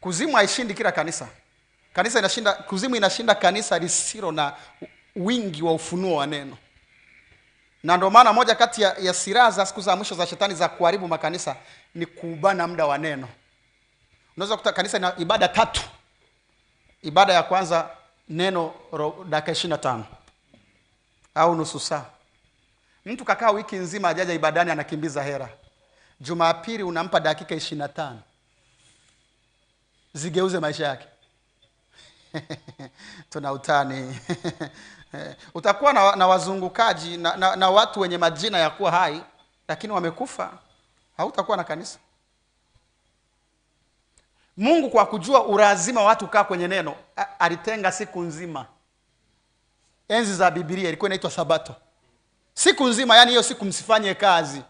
Kuzimu haishindi kila kanisa. Kanisa inashinda kuzimu, inashinda kanisa lisilo na wingi wa ufunuo wa neno, na ndio maana moja kati ya, ya silaha za siku za mwisho za shetani za kuharibu makanisa ni kuubana muda wa neno. Unaweza kukuta kanisa ina ibada tatu. Ibada ya kwanza neno dakika ishirini na tano au nusu saa. Mtu kakaa wiki nzima ajaja ibadani, anakimbiza hera. Jumapili unampa dakika ishirini na tano zigeuze maisha yake tuna utani utakuwa na, na wazungukaji na, na, na watu wenye majina ya kuwa hai lakini wamekufa hautakuwa na kanisa mungu kwa kujua urazima watu kaa kwenye neno alitenga siku nzima enzi za bibilia ilikuwa inaitwa sabato siku nzima yani hiyo siku msifanye kazi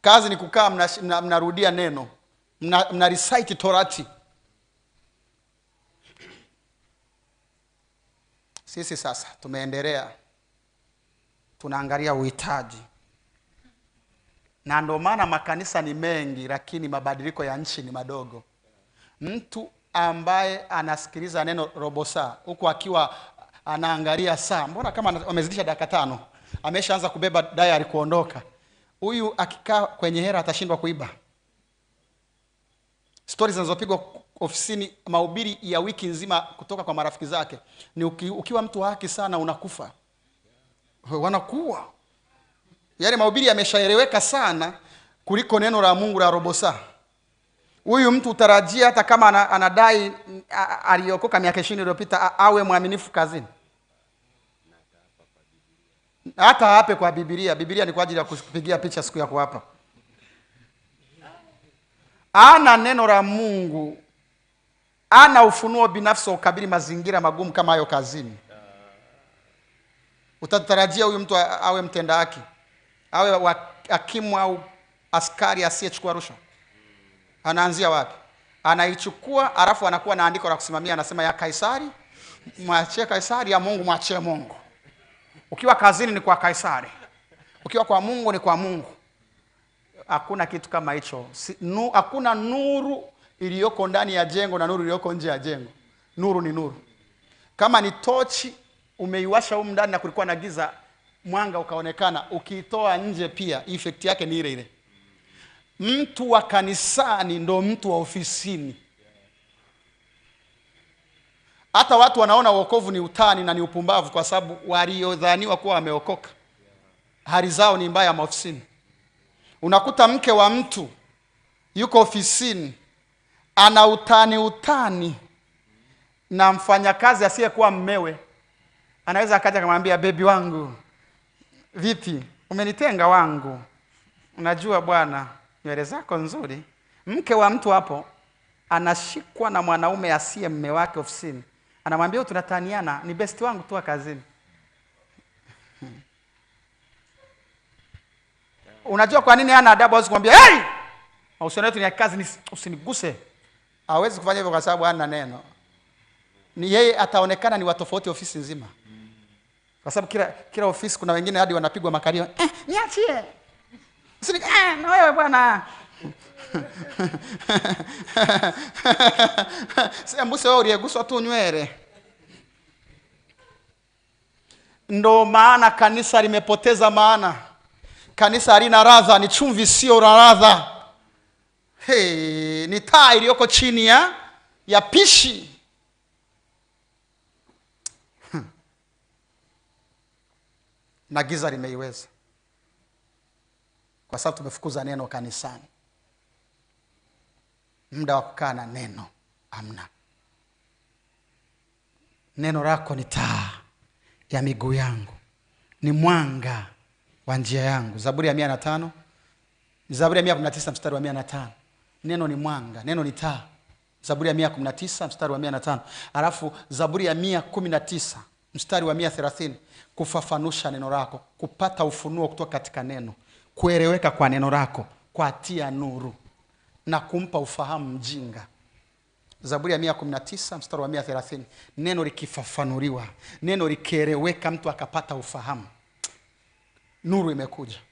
kazi ni kukaa mnarudia mna, mna neno mna, mna recite torati Sisi sasa tumeendelea, tunaangalia uhitaji, na ndio maana makanisa ni mengi, lakini mabadiliko ya nchi ni madogo. Mtu ambaye anasikiliza neno robo saa huku akiwa anaangalia saa, mbona kama wamezidisha dakika tano, ameshaanza kubeba dayari kuondoka. Huyu akikaa kwenye hela atashindwa kuiba. Stori zinazopigwa ofisini, mahubiri ya wiki nzima kutoka kwa marafiki zake, ni uki, ukiwa mtu wa haki sana unakufa, wanakuwa yale mahubiri yameshaeleweka sana kuliko neno la Mungu la robo saa. Huyu mtu utarajia hata kama anadai aliokoka miaka ishirini iliyopita awe mwaminifu kazini, hata ape kwa Biblia. Biblia ni kwa ajili ya kupigia picha siku ya kuapa. Ana neno la Mungu ana ufunuo binafsi wa ukabili mazingira magumu kama hayo kazini. Utatarajia huyu mtu awe mtenda haki, awe hakimu au askari asiyechukua rushwa? Anaanzia wapi? Anaichukua alafu anakuwa na andiko la kusimamia, anasema ya Kaisari mwachie Kaisari, ya Mungu mwachie Mungu. Ukiwa kazini ni kwa Kaisari, ukiwa kwa Mungu ni kwa Mungu. Hakuna kitu kama hicho, si, nu, hakuna nuru iliyoko ndani ya jengo na nuru iliyoko nje ya jengo. Nuru ni nuru. Kama ni tochi umeiwasha huko ndani na kulikuwa na giza, mwanga ukaonekana, ukiitoa nje pia effect yake ni ile ile. Mtu wa kanisani ndo mtu wa ofisini. Hata watu wanaona wokovu ni utani na ni upumbavu, kwa sababu waliodhaniwa kuwa wameokoka hali zao ni mbaya maofisini. Unakuta mke wa mtu yuko ofisini ana utani utani na mfanyakazi asiyekuwa mmewe, anaweza akaja akamwambia, bebi wangu, vipi, umenitenga wangu? Unajua bwana, nywele zako nzuri. Mke wa mtu hapo anashikwa na mwanaume asiye mme wake ofisini, anamwambia tunataniana, ni best wangu tu kazini. Unajua kwa nini ana adabu? Hawezi kumwambia hey, mahusiano yetu ni ya kazi, usiniguse hawezi kufanya hivyo kwa sababu hana neno. Ni yeye ataonekana ni watofauti ofisi nzima, kwa sababu kila kila ofisi kuna wengine hadi wanapigwa makalio eh, niachie Sini, eh, na wewe bwana sembuse wewe ulieguswa tu nywele. Ndo maana kanisa limepoteza maana. Kanisa halina radha, ni chumvi sio na radha. Hey ni taa iliyoko chini ya ya pishi hmm. Na giza limeiweza kwa sababu tumefukuza neno kanisani. Muda wa kukaa na neno amna. Neno lako ni taa ya miguu yangu, ni mwanga wa njia yangu. Zaburi ya mia na tano Zaburi ya mia kumi na tisa mstari wa mia na tano neno ni mwanga, neno ni taa. Zaburi ya 119 mstari wa 105, alafu Zaburi ya 119 mstari wa 130, kufafanusha neno lako, kupata ufunuo kutoka katika neno, kueleweka kwa neno lako, kwa tia nuru na kumpa ufahamu mjinga. Zaburi ya 119 mstari wa 130, neno likifafanuliwa, neno likieleweka, mtu akapata ufahamu, nuru imekuja.